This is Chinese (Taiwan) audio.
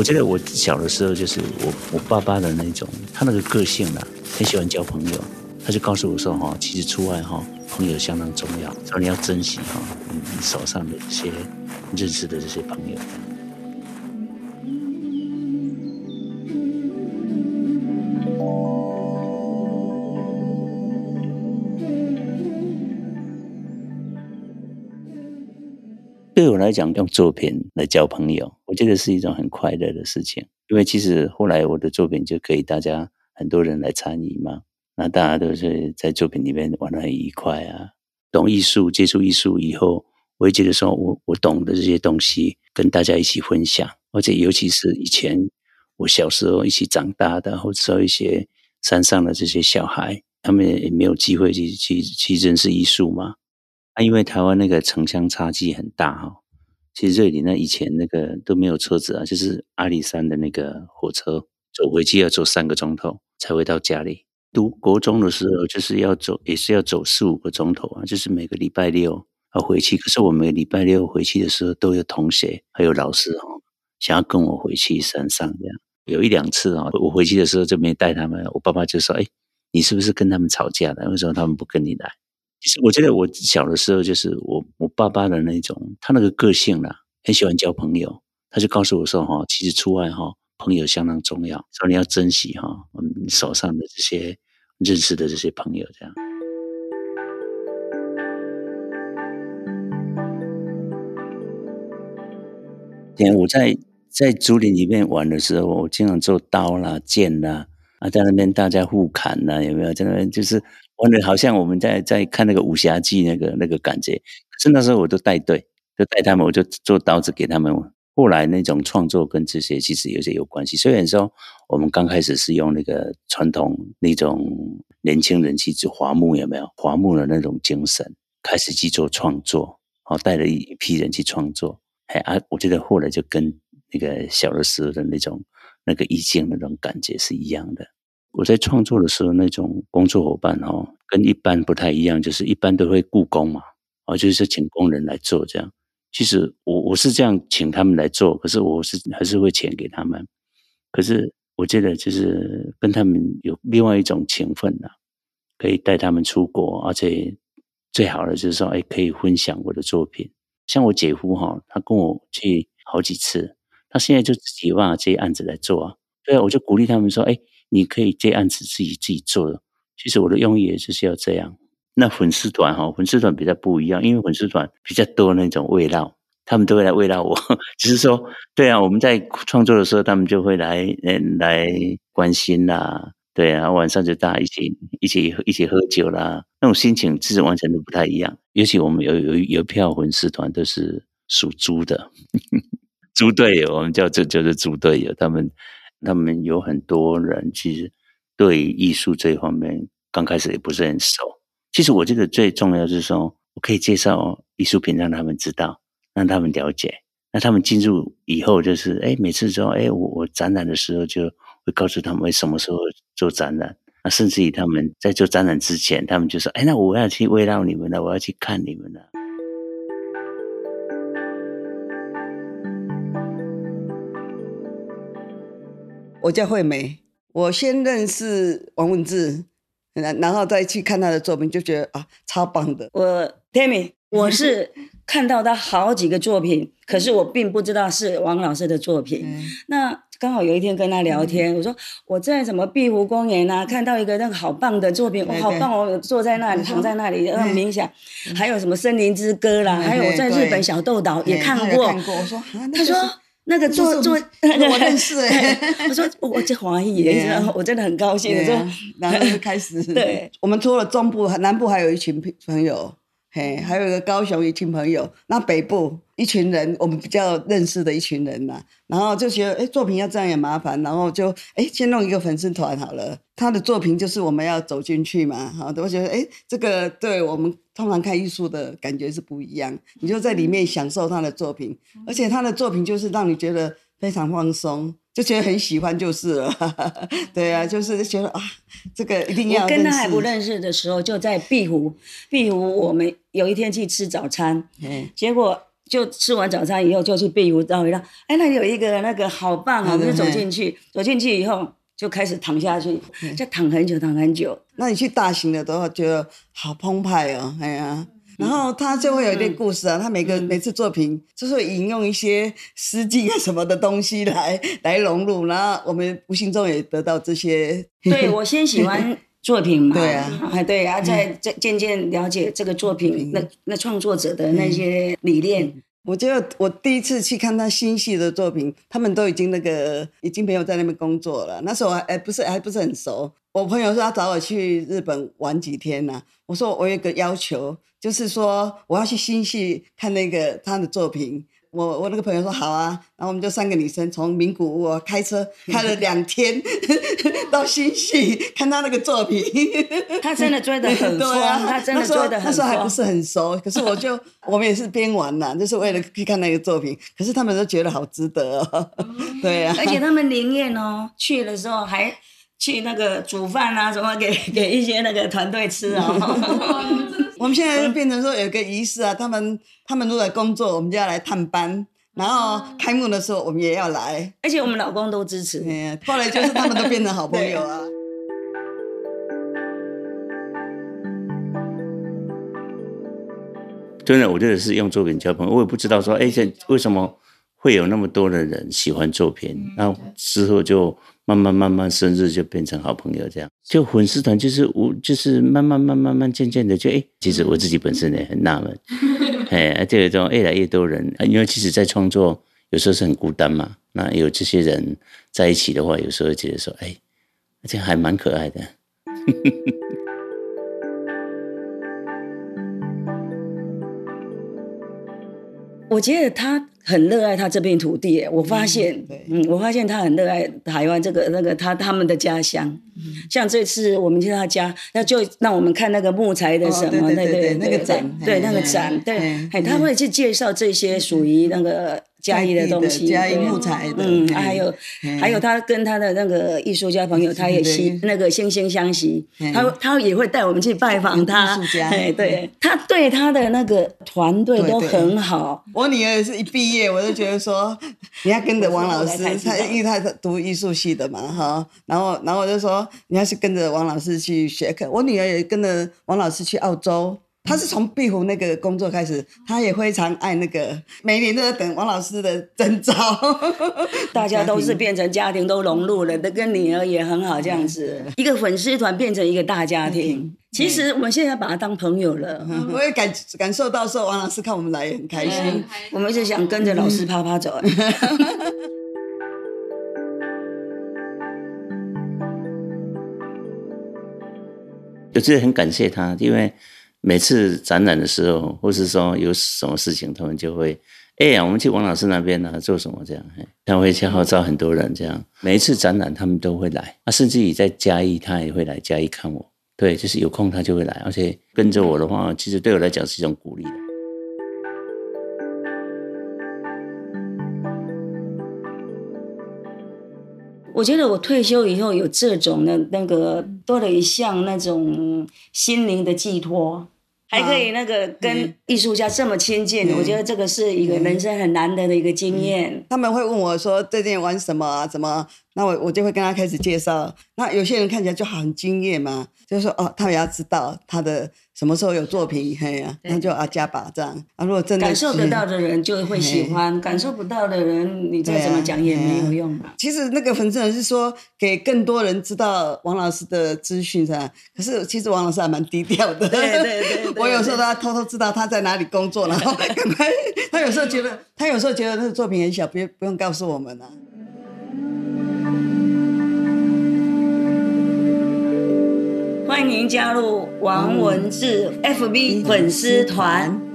我覺得我小的時候就是我，我爸爸的那種，他那個個性啊，很喜歡交朋友，他就告訴我說哈，其實出外哈，朋友相當重要，所以你要珍惜哈，你手上的一些認識的這些朋友。對我來講，用作品來交朋友，我覺得是一種很快樂的事情。因為其實後來我的作品就可以大家很多人來參與嘛，那大家都是在作品裡面玩得很愉快啊。懂藝術、接觸藝術以後，我會覺得說我，我我懂得這些東西，跟大家一起分享。而且尤其是以前我小時候一起長大的，或者說一些山上的這些小孩，他們也沒有機會去去去認識藝術嘛。因為台灣那個城鄉差距很大哈、哦，其實瑞嶺那以前那個都沒有車子啊，就是阿里山的那個火車走回去要走三個鐘頭才會到家裡。讀國中的時候就是要走，也是要走四五個鐘頭啊，就是每個禮拜六要回去。可是我每個禮拜六回去的時候，都有同學還有老師哦，想要跟我回去山上。這樣有一兩次啊、哦，我回去的時候就沒帶他們。我爸爸就說：“哎，你是不是跟他們吵架了？為什麼他們不跟你來？”其實我覺得我小的時候，就是我我爸爸的那種，他那個個性啦，很喜歡交朋友。他就告訴我說：“哈，其實出外哈，朋友相當重要，所以你要珍惜哈，我們手上的這些認識的這些朋友。”這樣。以、嗯、我在在竹林裡面玩的時候，我經常做刀啦、劍啦啊，在那邊大家互砍啦，有沒有？在那邊就是。好像我們在在看那個武俠劇，那個那個感覺。可是那時候我就帶隊，就帶他們，我就做刀子給他們。後來那種創作跟這些其實有些有關係。雖然說我們剛開始是用那個傳統那種年輕人去做伐木，有沒有？伐木的那種精神，開始去做創作，好帶了一一批人去創作。哎啊，我覺得後來就跟那個小的時候的那種那個意境那種感覺是一樣的。我在創作的時候，那種工作夥伴哈、哦，跟一般不太一樣，就是一般都會雇工嘛，啊、哦，就是請工人來做這樣。其實我我是這樣請他們來做，可是我是還是會錢給他們。可是我覺得就是跟他們有另外一種情分吶、啊，可以帶他們出國，而且最好的就是說，哎，可以分享我的作品。像我姐夫哈、哦，他跟我去好幾次，他現在就自己忘了這些案子來做啊。對啊，我就鼓勵他們說，哎。你可以這樣子自己自己做的。其實我的用意也就是要這樣。那粉絲團哈，粉絲團比較不一樣，因為粉絲團比較多那種慰勞，他們都會來慰勞我。只是說，對啊，我們在創作的時候，他們就會來來關心啦。對啊，晚上就大家一起一起一起喝酒啦，那種心情其實完全都不太一樣。尤其我們有有有票粉絲團都是屬豬的， 豬隊友，我們叫這叫做豬隊友，他們。他們有很多人，其實對藝術這一方面剛開始也不是很熟。其實我覺得最重要就是說，我可以介紹藝術品讓他們知道，讓他們了解。那他們進入以後，就是哎、欸，每次說哎、欸，我我展覽的時候就會告訴他們為什麼時候做展覽。那甚至於他們在做展覽之前，他們就說哎、欸，那我要去慰勞你們了，我要去看你們了。我叫慧美，我先認識王文志，然後再去看他的作品，就覺得啊，超棒的。我 Tammy，我是看到他好幾個作品，可是我並不知道是王老師的作品。那剛好有一天跟他聊天，我說我在什麼碧湖公園呐，看到一個那個好棒的作品，我好棒我坐在那裡，躺在那裡冥想，還有什麼森林之歌啦，還有我在日本小豆島也看過。我說啊，他說。那個做做， 我認識、欸。 我說我叫黃阿姨，Yeah. 然後我真的很高興。我 Yeah. 說，然後就開始。 對，我們除了中部南部，還有一群朋友。嘿，還有一個高雄一群朋友，那北部一群人，我們比較認識的一群人吶、啊，然後就覺得，哎、欸，作品要這樣也麻煩，然後就，哎、欸，先弄一個粉絲團好了。他的作品就是我們要走進去嘛，好的，我覺得，哎、欸，這個對我們通常看藝術的感覺是不一樣，你就在裡面享受他的作品，而且他的作品就是讓你覺得。非常放鬆，就覺得很喜歡就是了。呵呵對啊，就是覺得啊，這個一定要我跟他還不認識的時候，就在碧湖，碧湖我們有一天去吃早餐，嗯、結果就吃完早餐以後就去碧湖繞一繞。哎、欸，那裡有一個那個好棒啊、喔，我的就走進去，走進去以後就開始躺下去，嗯、就躺很久，躺很久。那你去大型的，都覺得好澎湃哦、喔，哎呀、啊。然後他就會有一點故事啊，嗯、他每個、嗯、每次作品就是引用一些詩句啊什麼的東西來、嗯、來融入，然後我們無形中也得到這些。對 我先喜歡作品嘛對、啊，對啊，哎對，嗯，然後再再漸漸了解這個作品，嗯、那那創作者的那些理念。我就我第一次去看他新戲的作品，他們都已經那個已經朋友在那邊工作了。那時候還不是還不是很熟，我朋友說他找我去日本玩幾天呢、啊，我說我有一個要求。就是說，我要去新潟看那個他的作品，我，我我那個朋友說好啊，然後我們就三個女生從名古屋開車開了兩天到新潟看他那個作品。 他真的追得很多啊，他真的追得很多。 他說還不是很熟，可是我就我們也是邊玩吶，就是為了去看那個作品。可是他們都覺得好值得，對啊。而且他們寧願哦，去的時候還去那個煮飯啊，什麼給給一些那個團隊吃哦、喔。 我們現在就變成說有一個儀式啊，他們他們都在工作，我們就要來探班，然後開幕的時候我們也要來，而且我們老公都支持你、嗯，後來就是他們都變成好朋友啊。真的 對對，我覺得是用作品交朋友，我也不知道說，哎、欸，現在為什麼會有那麼多的人喜歡作品？那、嗯、後之後就。慢慢慢慢，生日就變成好朋友，這樣就粉絲團就是我，就是慢慢慢慢慢慢漸漸的就哎、欸，其實我自己本身也很納悶，哎、 欸，有這種中越來越多人，因為其實，在創作有時候是很孤單嘛，那有這些人在一起的話，有時候就覺得說哎，而、欸、且還蠻可愛的， 我覺得他。很熱愛他這片土地，欸，我發現，嗯，我發現他很熱愛台灣這個那個他他們的家鄉。像這次我們去他家，那就讓我們看那個木材的什麼，那個那個展，對那個展，對，哎，他會去介紹這些屬於那個。嘉義的東西，嘉義木材的。還有還有，他跟他的那個藝術家朋友，他也心那個惺惺相惜，他他也會帶我們去拜訪他藝術家，對，他對他的那個團隊都很好。我女兒也是一畢業，我就覺得說，你要跟着王老師，他因為他是讀藝術系的嘛，哈，然後然後我就說，你要是跟着王老師去學課。我女兒也跟着王老師去澳洲。他是從壁虎那個工作開始，他也非常愛那個，每年都在等王老師的徵召。大家都是變成家庭，都融入了，跟女兒也很好這樣子。一個粉絲團變成一個大家庭，其實我們現在要把他當朋友了。對嗯、我也感感受到說，王老師看我們來也很開心。啊、我們就想跟着老師趴趴走。嗯、 我真的很感謝他，因為。每次展覽的時候，或是說有什麼事情，他們就會，哎、欸、呀，我們去王老師那邊呢、啊，做什麼這樣？欸、他會去號召很多人這樣。每一次展覽，他們都會來。啊，甚至於在嘉義，他也會來嘉義看我。對，就是有空他就會來，而且跟着我的話，其實對我來講是一種鼓勵的。我覺得我退休以後有這種的，那個多了一項那種心靈的寄託，還可以那個跟藝術家這麼親近，啊嗯、我覺得這個是一個人生很難得的一個經驗。嗯嗯嗯、他們會問我說最近玩什麼、啊、怎麼、啊？那我我就會跟他開始介紹。那有些人看起來就好很驚豔嘛，就是說哦，他也要知道他的什麼時候有作品，嘿呀、啊，對那就要、啊、加把賬啊。如果真的感受得到的人就會喜歡，嘿感受不到的人你再怎麼講也沒有用。其實那個粉絲是說給更多人知道王老師的資訊噻。可是其實王老師還蠻低調的。對對對，對對對，我有時候他偷偷知道他在哪裡工作， 然後他有時候覺得他有時候覺得他的作品很小，不不用告訴我們呢、啊。歡迎加入王文志 FB 粉絲團。